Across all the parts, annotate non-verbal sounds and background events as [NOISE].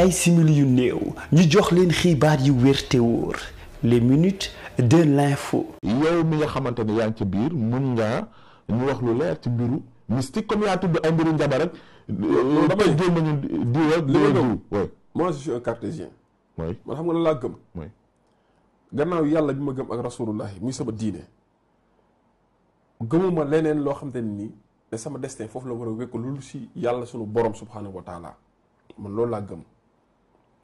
ay simili yu néew ñu jox leen xibaar yu wér te wóor les minutes de l'info. yow mi nga xamante ne yaa ngi ca biir mun ngaa ñu wax lu leer ci mbiru mystique comme yaa tudd ay mbiru njabar euh, damay jéem a ñu diwa diwa moi je nga laa gëm. gannaaw yàlla bi ma gëm ak rasulullahi muy sama diine. gëmuma leneen loo xamante ne nii ne sama destin foofu la war a wékk loolu si yàlla sunu borom subhanahu wa man loolu laa gëm.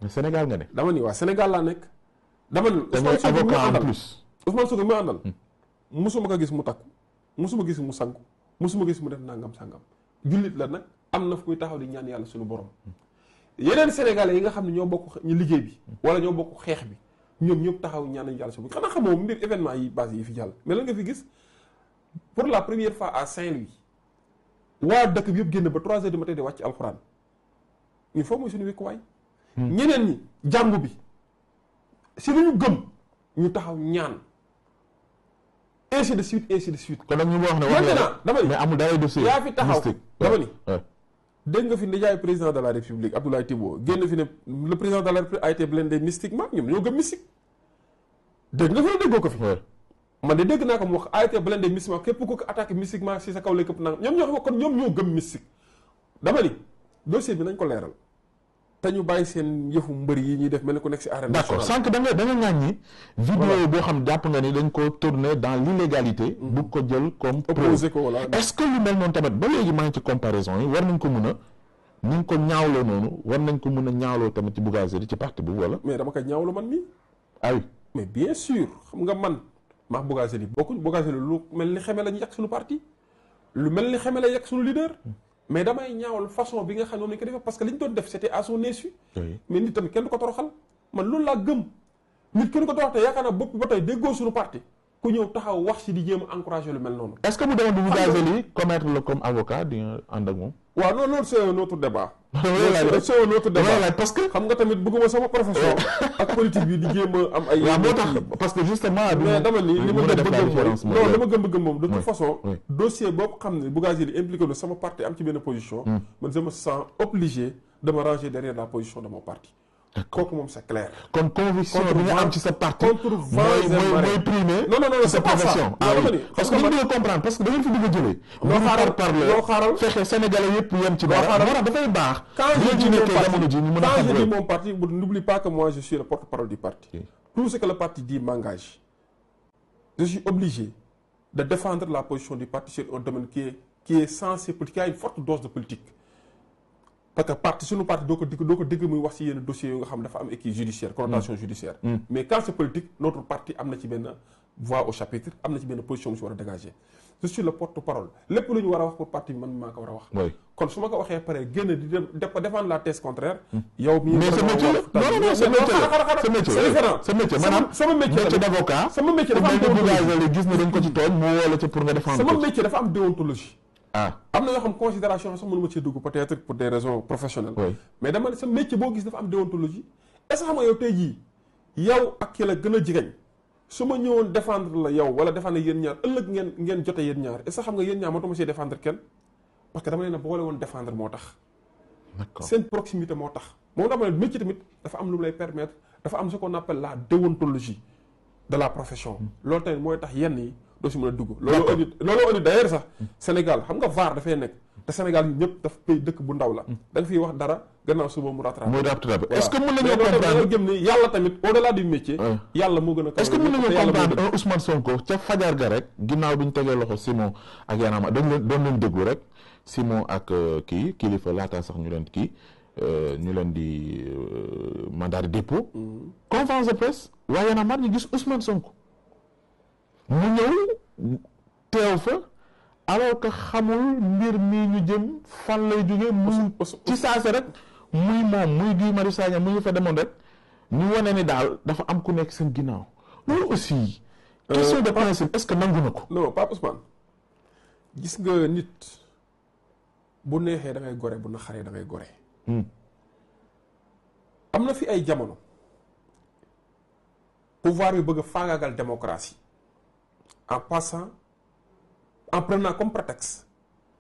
mais Sénégal nga ne. dama ni waa Sénégal laa nekk. dama ni Ousmane Sonko mi àndal plus. Ousmane Sonko mi àndal. Hmm. musuma ko gis mu takku musuma gis mu sanku musuma gis mu def nangam sangam. jullit la nag am na fu kuy taxaw di ñaan suñu borom. Hmm. yeneen sénégalais yi nga xam ne ñoo bokk ñu liggéey bi. wala ñoo bokk xeex bi. ñoom ñëpp taxaw ñaan nañu yàlla suñu xanaa xamoo mbir événement yi base yi fi jàll. mais lan nga fi gis pour la première fois à Saint-Louis waa dëkk yëpp génn ba 3 heures du matin di wàcc il faut mooy suñu Hmm. ñeneen ñi jàngu bi si lu ñu gëm ñu taxaw ñaan ainsi de suite ainsi de suite. kon nag ñu wax ne wax dama ni mais dossier yaa fi taxaw dama ni. dégg nga fi de la république Abdoulaye Thibault génn fi ne le de la ñoo gëm mystique. dégg nga fi ne déggoo ko fi. man de dégg naa ko mu wax a été blindé mystiquement képp ku ko attaqué mystiquement si sa kaw lay këpp nangam ñoom ñoo xam kon ñoom ñoo gëm mystique. dama ni dossier bi nañ ko leeral. te ñu bàyyi seen yëfu mbër yi ñuy def mel ni ku nekk si arène nationale. d'accord sànq da nga da nga ŋàññi. boo xam jàpp nga ni dañ ko tourner dans l'illégalité. Mm-hmm. bu ko jël comme opposé ko wala est-ce que lu mel noonu tamit léegi maa ngi ci comparaison yi war nañ a. ni ñu ko ñaawloo noonu war nañ ko mën a ñaawloo tamit ci Bougazelli ci parti boobu wala. mais dama koy ñaawlu man mii. Ah mais bien sûr xam nga man. maa Bougazelli bokkuñ Bougazelli lu mel ni xeme la ñu yàq suñu parti. lu mel ni xeme la yàq suñu leader. Mm. mais damay ñaawal façon bi nga xam ne moom lañ ko defee parce que li ñu doon def c'était à son insu mais nit tamit kenn du ko toroxal man loolu laa gëm nit kenn ko torox te yaakaar naa bopp ba tey déggoo suñu parti ku ñëw taxaw wax si di jéem a encouragé lu mel noonu est-ce que bu demoon bu mu gazeli commettre le comme avocat di nga moom waaw non loolu c'est un autre débat la parce que xam nga tamit bëgguma sama profession [LAUGHS] ak politique bi di jéem a am ay waaw moo tax parce que justement mais dama ma gëm bëggëm moom non li ma gëm bëggëm moom de toute façon dossier sama parti am ci benn position hmm. man je me sens obligé de derrière la position de mon parti kooku moom c'est clair. comme conviction bi nga am ci sa parti. contre mooy mooy primé. non non non c'est pas ça ah, ah parce que mën comprendre parce que da ngeen fi bëgg a jëlee. loo xaaral loo xaaral fexe sénégalais yëpp yem ci dara. loo xaaral dafay baax. quand je dis mon parti quand je dis mon parti n'oublie pas que moi je suis le porte-parole du parti. tout ce que le parti dit m'engage. je suis obligé de défendre la position du parti sur un domaine qui est qui est censé politique qui a une forte dose de politique. parce que parti suñu parti doo ko dégg doo ko dégg muy wax ci yenn dossiers yu nga xam dafa am équipe judiciaire connotation mm. judiciaire mm. mais quand c'est politique notre parti am na ci benn voix au chapitre am na ci benn position mu si war a dégager je suis lépp lu ñu a wax pour parti bi man maa ko a wax kon su ma ko waxee pare génn sama métier am déontologie gis na dañ ko ci tooñ mu woo dafa am déontologie ah am na yoo xam considération sax mënu ma cee dugg peut-être pour des raisons professionnelles. mais dama ne sa métier boo gis dafa am déontologie. jii yow ak ki la gën a jigéen su ma ñëwoon défendre la yow wala défendre yéen ñaar ëllëg ngeen ngeen jote yéen ñaar est-ce que xam nga yéen ñaar matuma see défendre kenn parce que dama leen a boole woon défendre moo tax. seen proximité moo tax. moom dama ne métier tamit dafa am lu mu lay permettre dafa am ce ko appelle la déontologie de la profession. Hmm. loolu tamit mooy tax yenn yi. doo si mën a dugg loolu audit loolu audit d'ailleurs sax Sénégal xam nga VAR dafay nekk te Sénégal ñun ñëpp daf pay dëkk bu ndaw la hmm. da nga fiy wax dara gannaaw suba mu rattrapé mooy rattrapé est-ce que mën nañoo comprendre gëm ni yàlla tamit au-delà du métier yàlla moo gën a est-ce que mën nañoo comprendre un Ousmane Sonko ca fajar ga rek ginnaaw bi ñu tegee loxo Simon ak Y'en a marre dañ leen doon leen déglu rek Simon ak euh, kii kilifa laata sax ñu leen kii euh, ñu leen di euh, mandat de dépôt hmm. conférence de presse waa Y'en a marre ñu gis Ousmane Sonko mu ñëw teew fa alors que xamul mbir mii ñu jëm fan lay jóge muy ci saase rek muy moom muy Guy Marius Sagna mu ngi fa demoon rek ñu wane ni daal dafa am ku nekk seen ginnaaw loolu aussi euh, question de principe est-ce que nangu na ko non Pape Ousmane gis nga nit bu neexee da ngay gore bu naxaree da gore hmm. am na fi ay jamono pouvoir yu bëgg a faagaagal démocratie en passant en prenant comme prétexte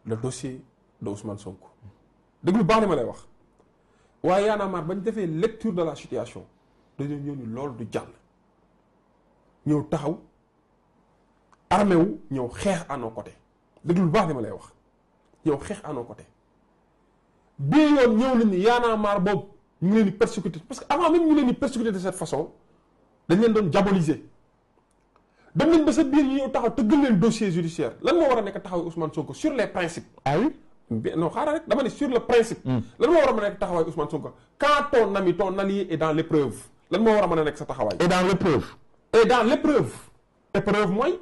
le dossier de Ousmane Sonko. déglu baax li ma lay wax waaye Y'en a marre bañ defee lecture de la situation dañoo ñëw ni loolu du jàll ñëw taxaw armé wu ñëw xeex à nos côtés déglu baax li ma lay wax ñëw xeex à nos côtés bii yoon ñëw nañ ni Y'en a marre boobu ñu ngi leen di persécuter parce que avant même ñu leen di persécuter de cette façon dañ leen doon diaboliser. dem nañ ba sa biir ñu ñëw taxaw tëggal leen dossier judiciaire lan moo war a nekk taxawaay Ousmane Sonko sur les principes. ah oui non xaaral rek dama hmm. war a mën a nekk l' épreuve lan moo a mën a nekk sa l' épreuve. et dans l' épreuve. épreuve mooy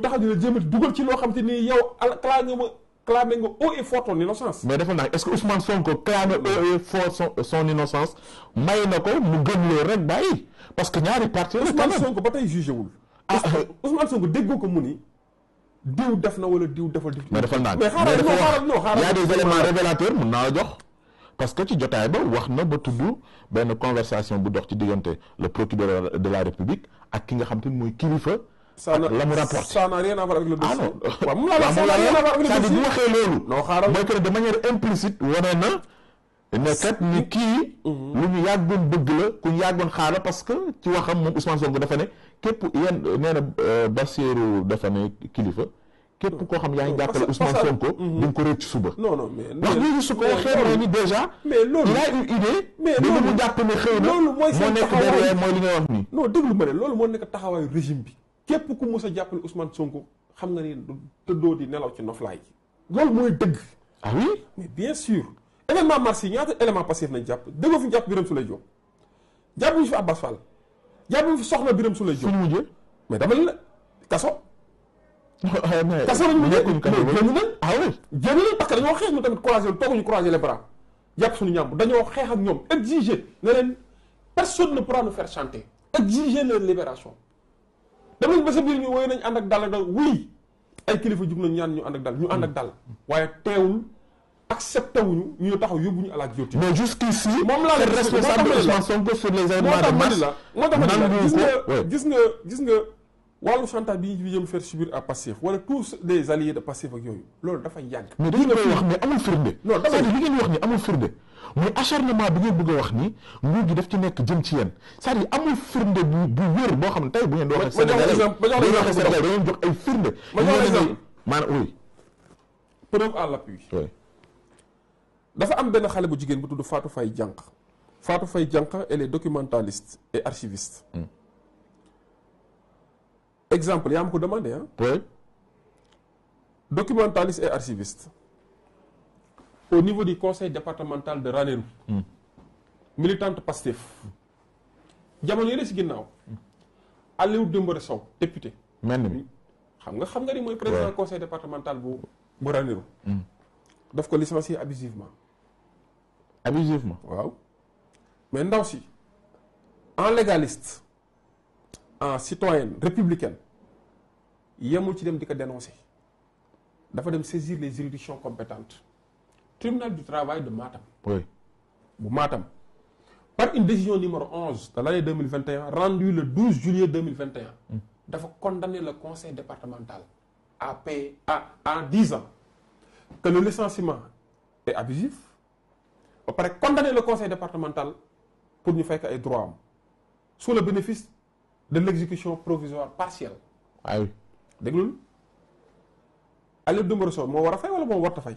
taxaw dina jéem a dugal ci loo xam te ni yow ala kalaa nga ma clamé nga haut et fort ton innocence. mais dafa naan est ce que Ousmane Sonko may na ko mu gën loo rek bàyyi parce que ñaari parti Ousmane Sonko ba tey jugé wul. ah Ousmane Sonko déggoo ko mu ni diw def na wala diw defal. mais defal naa mais xaaral non xaaral non xaaral. y a des éléments révélateurs mun naa jox. parce que ci jotaay ba wax na ba tudd benn conversation bu dox ci diggante le procureur de la république ak ki nga xam te ni mooy kilifa. ça n'a ça n'a rien à voir avec le ah dossier. [LAUGHS] waaw moom laa la ça n'a rien à ne kat ni kii. Mm-hmm. lu ñu yàggoon bëgg la ku ñu yàggoon xaar parce que ci waxam moom Ousmane Sonko dafa ne képp yéen nee na euh, Bassirou dafa ne kilifa. képp koo xam yaa ngi jàppale Ousmane Sonko. Mm-hmm. di nga ko rëcc suba. non non mais wax ñu su ko xeeboo ni déjà. mais loolu il a une idée. mais loolu mu jàpp ne xëy na loolu mooy seen taxawaay mooy li nga wax moo nekk taxawaayu régime bi. képp ku mos a jàppale Ousmane Sonko xam nga ni tëddoo di nelaw ci noflaay ji. loolu mooy dëgg. ah oui bien sûr. événement mars yi ñaata élément passif nañ jàpp dëggoo fi ñu jàpp Birame Souleye Diop jàpp ñu fi Abbas Fall jàpp fi soxna Birame Souleye Diop. fu mu mujjee mais dama leen kaso. [LAUGHS] kaso lañ mujjee mais génn nañ. ah oui génn nañ parce que dañoo xeex ñu tamit croiser tooguñu croiser les bras jàpp suñu ñàmb xeex ak ñoom exiger ne leen personne ne pourra nous faire chanter. exiger leur libération. dama ba sa biir ñu woy nañ ànd ak dal da wuy ay kilifa jug nañ ñaan ñu ànd ak dal ñu ànd ak dal mm. waaye teewul. accepté wuñu ñu taxaw yóbbu ñu à la guillotine. mais jusqu'ici moom laa la responsable Ousmane Sonko sur les événements de mars moo tax ma gis nga gis nga gis nga wàllu chantage bi ñu wala tous les alliés de Pastef ak yooyu loolu dafa yàgg. mais dañu koy wax mais amul firnde. non dafa li wax ni amul firnde mooy acharnement bi ngeen bëgg a wax ni nguur gi daf ci nekk jëm ci yéen c'est-à-dire amul firnde bu bu boo xam ne tey bu ngeen di wax. ma exemple ma jox exemple da ngeen jox ay firnde. ma jox exemple maanaam oui. preuve dafa am benn xale bu jigéen bu tudd Fatou fay jànq faatu fay Diank elle est et archiviste. Mm. exemple yaa ma ko demandé ah. oui. documentaliste et archiviste. au niveau du conseil départemental de Ranérou. Mm. militante Pastef. jamono yële si ginnaaw. Hmm. Aliou Dembouré Sow député. mel ni xam nga xam nga ni mooy. président conseil départemental bu bu Ranérou. Hmm. daf ko licencier abusivement. abusivement waaw mais ndaw si en légaliste en citoyenne républicaine yemul ci dem di ko dénoncer dafa dem saisir les juridictions compétentes tribunal du travail de Matam oui bu Matam par une décision numéro 11 de l'année 2021 rendue le 12 juillet 2021 hmm. dafa condamner le conseil départemental à payer à en 10 ans que le licenciement est abusif ba pare condamner le conseil départemental pour ñu fekk ay droit am sous le bénéfice de l' exécution provisoire partielle. waaw ah oui déglul Aliou Dembourou Sow moo war a fay wala moo warut a fay.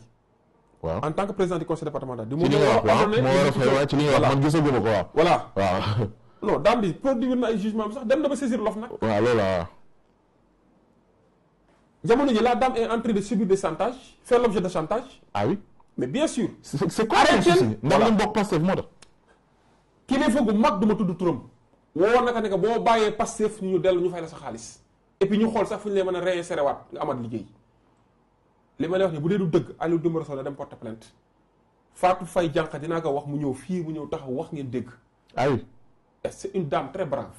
waaw en tant que président du conseil départemental. di mu war a war a fay waaw ci li nga wax man gisaguma ko waaw. [LAUGHS] ay jugement am sax dem na ba saisir lof nag. waaw loolu waaw. jamono ji la dame est en train de subir des chantages de chantage. Ah mais bien sûr. c'est quoi arrêté ndax ñun bokk Pastef moo tax. kilifa gu mag du ma tudd turam. woo naka ne que boo bàyyee Pastef ñu dellu ñu fay la sa xaalis. et puis ñu xool sax fu ñu lay mën a réinsérer waat nga amaat liggéey. li ma lay wax ni bu dee du dëgg Aliou Demba Sow la dem porte plainte. Fatou fay jànq dinaa ko wax mu ñëw fii mu ñëw taxaw wax ngeen dégg. ah oui. c'est une dame très brave.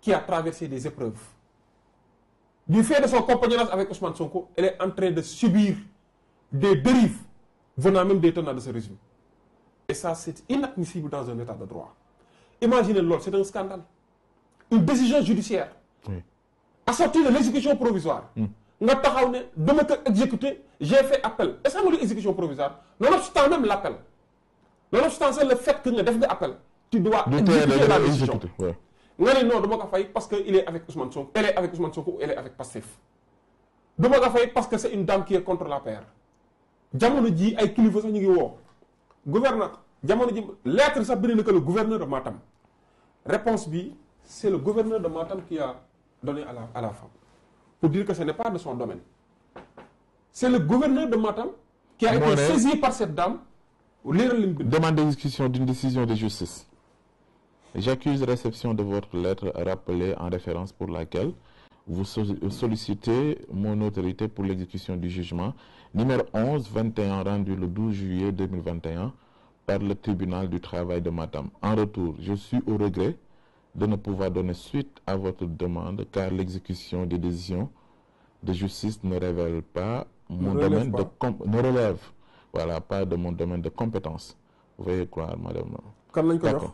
qui a traversé des épreuves. du fait de son compagnonnage avec Ousmane Sonko elle est en train de subir des dérives. venant même des tenants de ce régime. Et ça, c'est inadmissible dans un état de droit. Imaginez l'autre, c'est un scandale. Une décision judiciaire. Oui. de l'exécution provisoire. Mm. exécuté, j'ai fait appel. Est-ce que l'exécution provisoire Nonobstant même l'appel. Nonobstant, c'est le fait que nous avons fait appel. Tu dois exécuter la décision. Ouais. Non, de Mokafaï parce qu'il est avec avec Ousmane Sonko, elle est parce que c'est une dame qui contre la paire. jamono ji ay kilifa sax ñu ngi woo gouverneur jamono ji lettre sax bind na que le gouverneur de Matam réponse bi c'est le gouverneur de Matam qui a donné à la à la femme pour dire que ce n'est pas de son domaine c'est le gouverneur de Matam qui a Moi été par cette dame leeral lim demande d'exécution d'une décision de justice j'accuse réception de votre lettre rappelée en référence pour laquelle vous sollicitez mon autorité pour l'exécution du jugement numéro 11-21 rendu le 12 juillet 2021 par le tribunal du travail de Matam. En retour, je suis au regret de ne pouvoir donner suite à votre demande car l'exécution des décisions de justice ne révèle pas ne relève voilà pas de mon domaine de compétence. Veuillez croire, madame. Kan lañ ko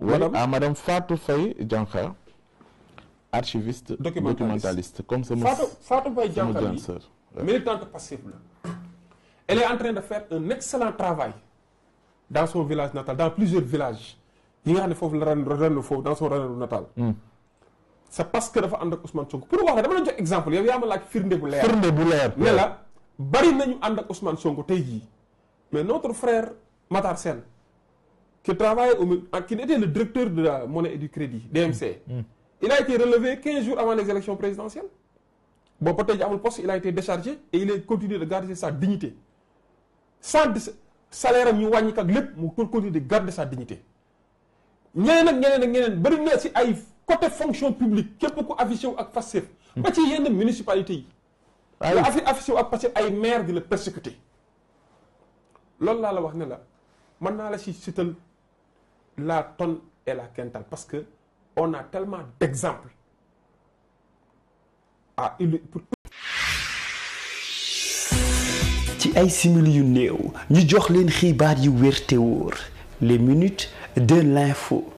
madame oui, à ah, madame Fatou Faye Diankha archiviste documentaliste, documentaliste comme sama Fatou Fatou Faye Diankha bi militante passive la elle est en train de faire un excellent travail dans son village natal dans plusieurs villages yi nga xam ne foofu la ren foofu dans son ren natal hmm. c' est que dafa ànd ak Ousmane Sonko pour wax la dama la jox exemple yow yaa ma laaj firnde bu leer firnde bu leer ne la bari nañu ànd ak Ousmane Sonko tey jii mais notre frère Matar Sène qui travaillait au ah, qui était le directeur de la monnaie et du crédit DMC. Mm. Mm. il a été relevé 15 jours avant les élections présidentielles boobu ba tey ji amul poste il a et il a de garder sa dignité sans salaire am ñu wàññi lépp mu continuer de garder sa dignité ñeneen ak ñeneen ak ñeneen bari na si ay côté fonction publique képp ku affiché wu ak Pastef mm. ba ci yenn municipalité yi nga affiché wu ak Pastef ay maire di la persécuter loolu laa la wax ne la mën naa la si sital la tonne et la quintale parce que on a tellement d'exemples à ci ay simili yu néew ñu jox leen xibaar yu wér te wóor les minutes de l'info